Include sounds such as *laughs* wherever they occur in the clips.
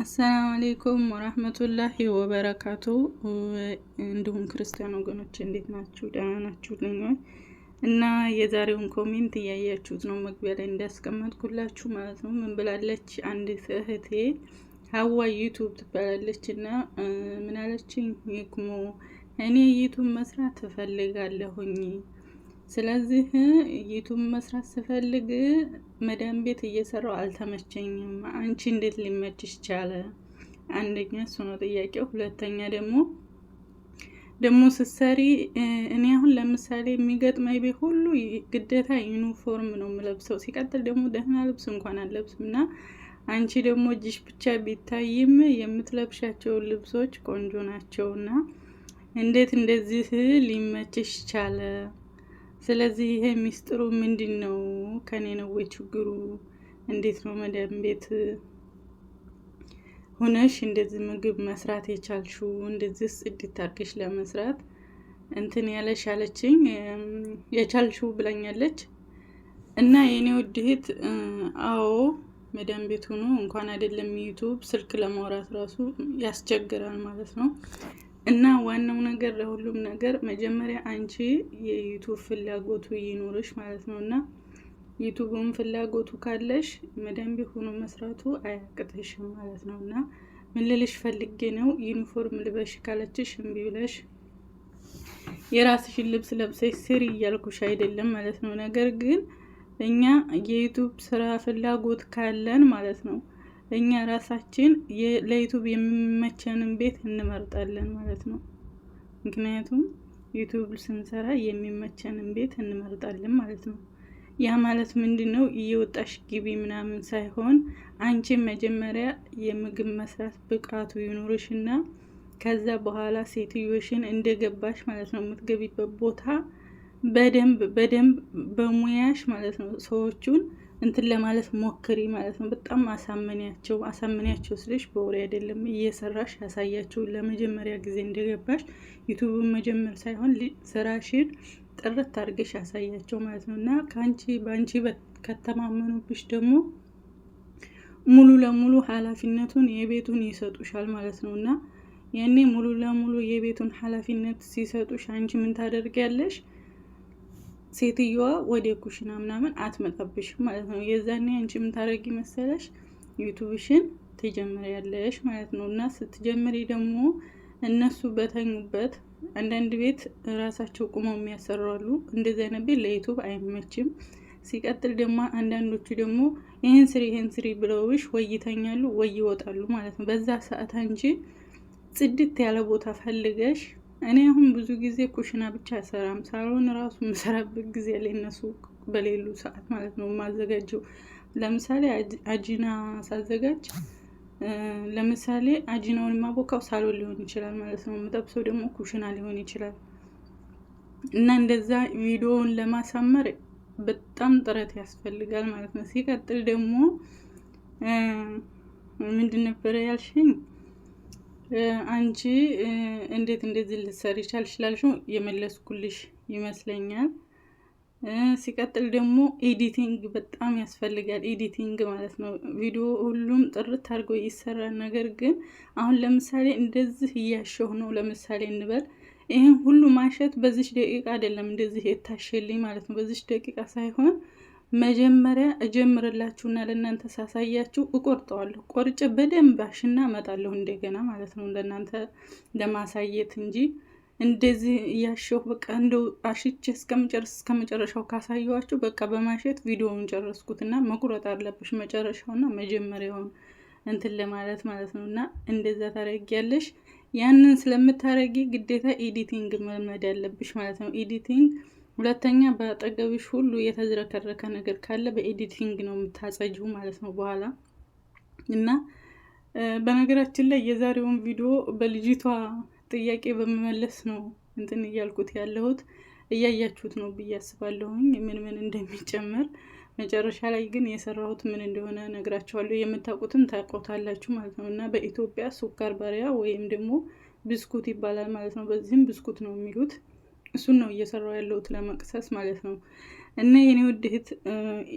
አሰላሙ አሌይኩም ወራህመቱላሂ ወበረካቱ። እንዲሁም ክርስቲያን ወገኖች እንዴት ናችሁ? ደህና ናችሁ? ልኛል እና የዛሬውን ኮሜንት እያያችሁት ነው፣ መግቢያ ላይ እንዳስቀመጥኩላችሁ ማለት ነው። ምን ብላለች? አንድ እህቴ ሀዋ ዩቱብ ትባላለች እና ምናለችኝ ይክሞ እኔ ዩቱብ መስራት እፈልጋለሁኝ ስለዚህ ዩቱብ መስራት ስፈልግ መዳን ቤት እየሰራው አልተመቸኝም። አንቺ እንዴት ሊመችሽ ቻለ? አንደኛ እሱ ነው ጥያቄው። ሁለተኛ ደግሞ ደግሞ ስትሰሪ እኔ አሁን ለምሳሌ የሚገጥመኝ ቤት ሁሉ ግዴታ ዩኒፎርም ነው የምለብሰው። ሲቀጥል ደግሞ ደህና ልብስ እንኳን አለብስም እና አንቺ ደግሞ እጅሽ ብቻ ቢታይም የምትለብሻቸው ልብሶች ቆንጆ እና እንዴት እንደዚህ ሊመችሽ ቻለ? ስለዚህ ይሄ ሚስጥሩ ምንድን ነው? ከኔ ነው ወይ ችግሩ? እንዴት ነው መዳም ቤት ሁነሽ እንደዚህ ምግብ መስራት የቻልሽው? እንደዚህ ጽድት አድርገሽ ለመስራት እንትን ያለሽ ያለችኝ የቻልሽው ብላኛለች። እና የኔ ውድ አዎ መዳም ቤት ሆኖ እንኳን አይደለም ዩቱብ ስልክ ለማውራት ራሱ ያስቸግራል ማለት ነው። እና ዋናው ነገር ለሁሉም ነገር መጀመሪያ አንቺ የዩቱብ ፍላጎቱ ይኖርሽ ማለት ነው። እና ዩቱብም ፍላጎቱ ካለሽ መደንብ ሆኖ መስራቱ አያቅትሽም ማለት ነው። እና ምን ልልሽ ፈልጌ ነው ዩኒፎርም ልበሽ ካለችሽ እምቢ ብለሽ የራስሽን ልብስ ለብሰሽ ስሪ እያልኩሽ አይደለም ማለት ነው። ነገር ግን እኛ የዩቱብ ስራ ፍላጎት ካለን ማለት ነው እኛ ራሳችን ለዩቱብ የሚመቸንን ቤት እንመርጣለን ማለት ነው። ምክንያቱም ዩቱብ ስንሰራ የሚመቸንን ቤት እንመርጣለን ማለት ነው። ያ ማለት ምንድን ነው? እየወጣሽ ግቢ ምናምን ሳይሆን አንቺ መጀመሪያ የምግብ መስራት ብቃቱ ይኑርሽ እና ከዛ በኋላ ሴትዮሽን እንደገባሽ ማለት ነው የምትገቢበት ቦታ በደንብ በደንብ በሙያሽ ማለት ነው ሰዎቹን እንትን ለማለት ሞክሪ ማለት ነው። በጣም አሳመኒያቸው አሳመኒያቸው ስልሽ በወሬ አይደለም፣ እየሰራሽ ያሳያቸው። ለመጀመሪያ ጊዜ እንደገባሽ ዩቱብን መጀመር ሳይሆን ስራሽን ጥርት አድርገሽ ያሳያቸው ማለት ነው። እና ከአንቺ በአንቺ ከተማመኑብሽ ደግሞ ሙሉ ለሙሉ ኃላፊነቱን የቤቱን ይሰጡሻል ማለት ነው እና ያኔ ሙሉ ለሙሉ የቤቱን ኃላፊነት ሲሰጡሽ አንቺ ምን ታደርጊያለሽ? ሴትየዋ ወደ ኩሽና ምናምን አትመጣብሽም ማለት ነው። የዛኔ አንቺ የምታደርጊ መሰለሽ ዩቱብሽን ትጀምሪያለሽ ማለት ነው። እና ስትጀምሪ ደግሞ እነሱ በተኙበት አንዳንድ ቤት ራሳቸው ቁመው የሚያሰራሉ። እንደዚህ አይነት ቤት ለዩቱብ አይመችም። ሲቀጥል ደግሞ አንዳንዶቹ ደግሞ ይህን ስሪ ይህን ስሪ ብለውሽ ወይ ይተኛሉ ወይ ይወጣሉ ማለት ነው። በዛ ሰዓት አንቺ ጽድት ያለ ቦታ ፈልገሽ እኔ አሁን ብዙ ጊዜ ኩሽና ብቻ አይሰራም ሳሎን ራሱ የምሰራበት ጊዜ ላይ እነሱ በሌሉ ሰዓት ማለት ነው የማዘጋጀው። ለምሳሌ አጂና ሳዘጋጅ ለምሳሌ አጂናውን የማቦካው ሳሎን ሊሆን ይችላል ማለት ነው። የምጠብሰው ደግሞ ኩሽና ሊሆን ይችላል እና እንደዛ ቪዲዮውን ለማሳመር በጣም ጥረት ያስፈልጋል ማለት ነው። ሲቀጥል ደግሞ ምንድን ነበረ ያልሽኝ? አንቺ እንዴት እንደዚህ ልትሰሪ ይቻልሽ ላልሽው የመለስኩልሽ ይመስለኛል። ሲቀጥል ደግሞ ኤዲቲንግ በጣም ያስፈልጋል። ኤዲቲንግ ማለት ነው ቪዲዮ ሁሉም ጥርት አድርጎ ይሰራል። ነገር ግን አሁን ለምሳሌ እንደዚህ እያሸሁ ነው። ለምሳሌ እንበል ይህን ሁሉ ማሸት በዚች ደቂቃ አይደለም እንደዚህ የታሸልኝ ማለት ነው። በዚች ደቂቃ ሳይሆን መጀመሪያ እጀምርላችሁና ለእናንተ ሳሳያችሁ እቆርጠዋለሁ። ቆርጭ በደንብ አሽና እመጣለሁ እንደገና ማለት ነው ለእናንተ ለማሳየት እንጂ እንደዚህ እያሸሁ በቃ እንደ አሽቼ እስከመጨረስ እስከመጨረሻው ካሳየኋችሁ በቃ በማሸት ቪዲዮውን ጨረስኩትና መቁረጥ አለብሽ መጨረሻውና መጀመሪያውን እንትን ለማለት ማለት ነው። እና እንደዛ ታደርጊያለሽ። ያንን ስለምታደርጊ ግዴታ ኤዲቲንግ መልመድ ያለብሽ ማለት ነው ኤዲቲንግ ሁለተኛ በአጠገብሽ ሁሉ የተዝረከረከ ነገር ካለ በኤዲቲንግ ነው የምታጸጅው ማለት ነው በኋላ እና በነገራችን ላይ የዛሬውን ቪዲዮ በልጅቷ ጥያቄ በመመለስ ነው እንትን እያልኩት ያለሁት እያያችሁት ነው ብዬ አስባለሁኝ ምን ምን እንደሚጨመር መጨረሻ ላይ ግን የሰራሁት ምን እንደሆነ ነግራችኋለሁ የምታውቁትም ታውቁታላችሁ ማለት ነው እና በኢትዮጵያ ሱካር ባሪያ ወይም ደግሞ ብስኩት ይባላል ማለት ነው በዚህም ብስኩት ነው የሚሉት እሱን ነው እየሰራው ያለሁት ለመቅሰስ ማለት ነው። እና የኔ ውድ እህት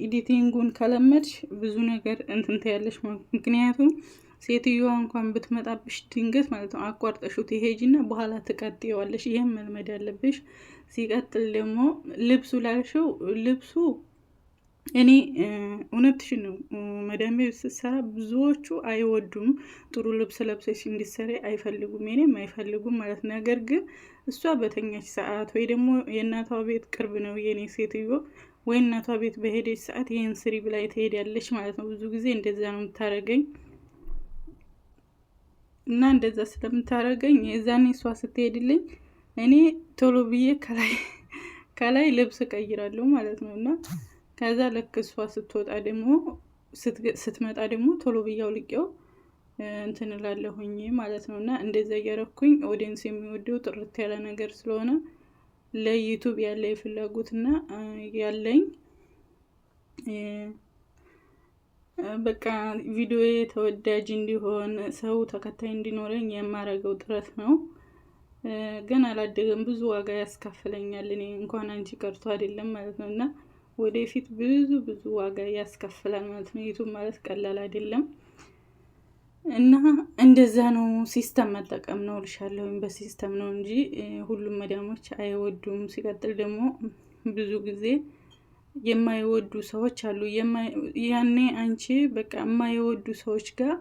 ኤዲቲንጉን ከለመድሽ ብዙ ነገር እንትንተ ያለሽ ምክንያቱም ሴትዮዋ እንኳን ብትመጣብሽ ድንገት ማለት ነው አቋርጠሹ ትሄጂና በኋላ ትቀጥየዋለሽ። ይህም መልመድ ያለብሽ። ሲቀጥል ደግሞ ልብሱ ላልሽው ልብሱ እኔ እውነትሽ ነው መዳሜ ስትሰራ ብዙዎቹ አይወዱም። ጥሩ ልብስ ለብሰሽ እንዲሰራ አይፈልጉም፣ ኔም አይፈልጉም ማለት ነገር ግን እሷ በተኛች ሰዓት ወይ ደግሞ የእናቷ ቤት ቅርብ ነው የኔ ሴትዮ ወይ እናቷ ቤት በሄደች ሰዓት ይህን ስሪ ብላይ ትሄዳለች ማለት ነው። ብዙ ጊዜ እንደዛ ነው የምታደርገኝ እና እንደዛ ስለምታደርገኝ የዛኔ እሷ ስትሄድልኝ እኔ ቶሎ ብዬ ከላይ ከላይ ልብስ እቀይራለሁ ማለት ነው እና ከዛ ልክ እሷ ስትወጣ ደግሞ ስትመጣ ደግሞ ቶሎ ብያው ልቄው እንትን እላለሁኝ ማለት ነው። እና እንደዛ እያረኩኝ ኦዲየንስ የሚወደው ጥርት ያለ ነገር ስለሆነ ለዩቱብ ያለ ፍላጎትና ያለኝ በቃ ቪዲዮ ተወዳጅ እንዲሆን ሰው ተከታይ እንዲኖረኝ የማረገው ጥረት ነው። ግን አላደገም፣ ብዙ ዋጋ ያስካፍለኛል። እኔ እንኳን አንቺ ቀርቶ አይደለም ማለት ነው እና ወደፊት ብዙ ብዙ ዋጋ ያስከፍላል ማለት ነው። ዩቱብ ማለት ቀላል አይደለም እና እንደዛ ነው። ሲስተም መጠቀም ነው ልሻለሁ። በሲስተም ነው እንጂ ሁሉም መዳሞች አይወዱም። ሲቀጥል ደግሞ ብዙ ጊዜ የማይወዱ ሰዎች አሉ። ያኔ አንቺ በቃ የማይወዱ ሰዎች ጋር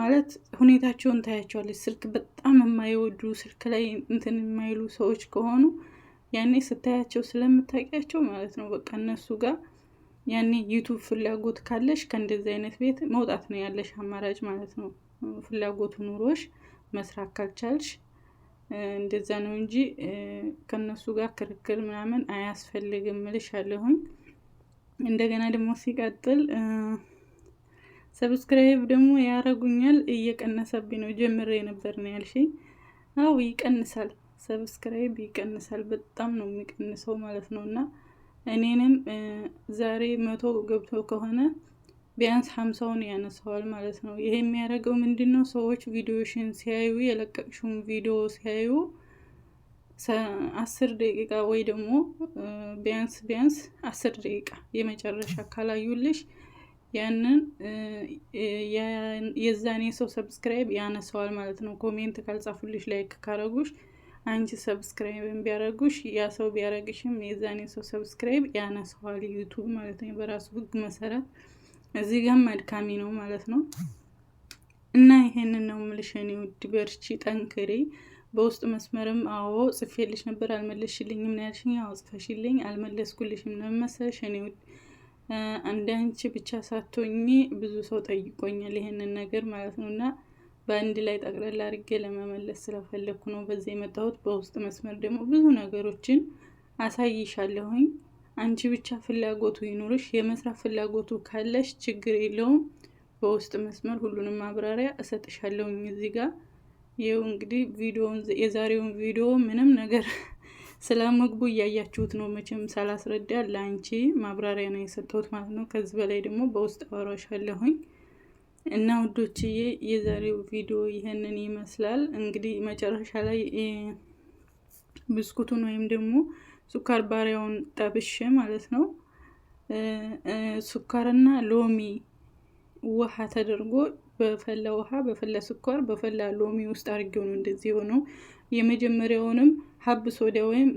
ማለት ሁኔታቸውን ታያቸዋለች። ስልክ በጣም የማይወዱ ስልክ ላይ እንትን የማይሉ ሰዎች ከሆኑ ያኔ ስታያቸው ስለምታውቂያቸው ማለት ነው። በቃ እነሱ ጋር ያኔ ዩቱብ ፍላጎት ካለሽ ከእንደዚህ አይነት ቤት መውጣት ነው ያለሽ አማራጭ ማለት ነው። ፍላጎቱ ኑሮሽ መስራት ካልቻልሽ እንደዛ ነው እንጂ ከእነሱ ጋር ክርክር ምናምን አያስፈልግም እልሽ አለሁኝ። እንደገና ደግሞ ሲቀጥል ሰብስክራይብ ደግሞ ያረጉኛል እየቀነሰብኝ ነው። ጀምሬ ነበር ነው ያልሽኝ? አው ይቀንሳል። ሰብስክራይብ ይቀንሳል። በጣም ነው የሚቀንሰው ማለት ነው። እና እኔንም ዛሬ መቶ ገብቶ ከሆነ ቢያንስ ሀምሳውን ያነሰዋል ማለት ነው። ይሄ የሚያደርገው ምንድን ነው? ሰዎች ቪዲዮሽን ሲያዩ የለቀቅሽውን ቪዲዮ ሲያዩ አስር ደቂቃ ወይ ደግሞ ቢያንስ ቢያንስ አስር ደቂቃ የመጨረሻ ካላዩልሽ ያንን የዛኔ ሰው ሰብስክራይብ ያነሰዋል ማለት ነው። ኮሜንት ካልጻፉልሽ፣ ላይክ ካረጉሽ አንቺ ሰብስክራይብ ቢያረጉሽ ያ ሰው ቢያደረግሽም የዛኔ ሰው ሰብስክራይብ ያነሰዋል ዩቱብ ማለት ነው። በራሱ ህግ መሰረት እዚህ ጋም መድካሚ ነው ማለት ነው። እና ይሄንን ነው ምልሽን ውድ፣ በርቺ ጠንክሬ። በውስጥ መስመርም አዎ ጽፌልሽ ነበር አልመለስሽልኝም ነው ያልሽኝ። አዎ ጽፈሽልኝ አልመለስኩልሽም ነው መሰለሽ እኔ ውድ እንደ አንቺ ብቻ ሳቶኝ ብዙ ሰው ጠይቆኛል ይሄንን ነገር ማለት ነው እና በአንድ ላይ ጠቅላላ አድርጌ ለመመለስ ስለፈለግኩ ነው በዚህ የመጣሁት። በውስጥ መስመር ደግሞ ብዙ ነገሮችን አሳይሻለሁኝ። አንቺ ብቻ ፍላጎቱ ይኑርሽ። የመስራት ፍላጎቱ ካለሽ ችግር የለውም። በውስጥ መስመር ሁሉንም ማብራሪያ እሰጥሻለሁኝ። እዚህ ጋር ይኸው እንግዲህ ቪዲዮውን የዛሬውን ቪዲዮ ምንም ነገር *laughs* ስለ ምግቡ እያያችሁት ነው። መቼም ሳላስረዳ ለአንቺ ማብራሪያ ነው የሰጠሁት ማለት ነው። ከዚህ በላይ ደግሞ በውስጥ አወራሻለሁኝ። እና ውዶችዬ የዛሬው ቪዲዮ ይህንን ይመስላል። እንግዲህ መጨረሻ ላይ ብስኩቱን ወይም ደግሞ ሱካር ባሪያውን ጠብሼ ማለት ነው ሱካርና ሎሚ ውሃ ተደርጎ በፈላ ውሃ በፈላ ስኳር በፈላ ሎሚ ውስጥ አድርጌው ነው እንደዚህ የሆነው። የመጀመሪያውንም ሀብ ሶዳ ወይም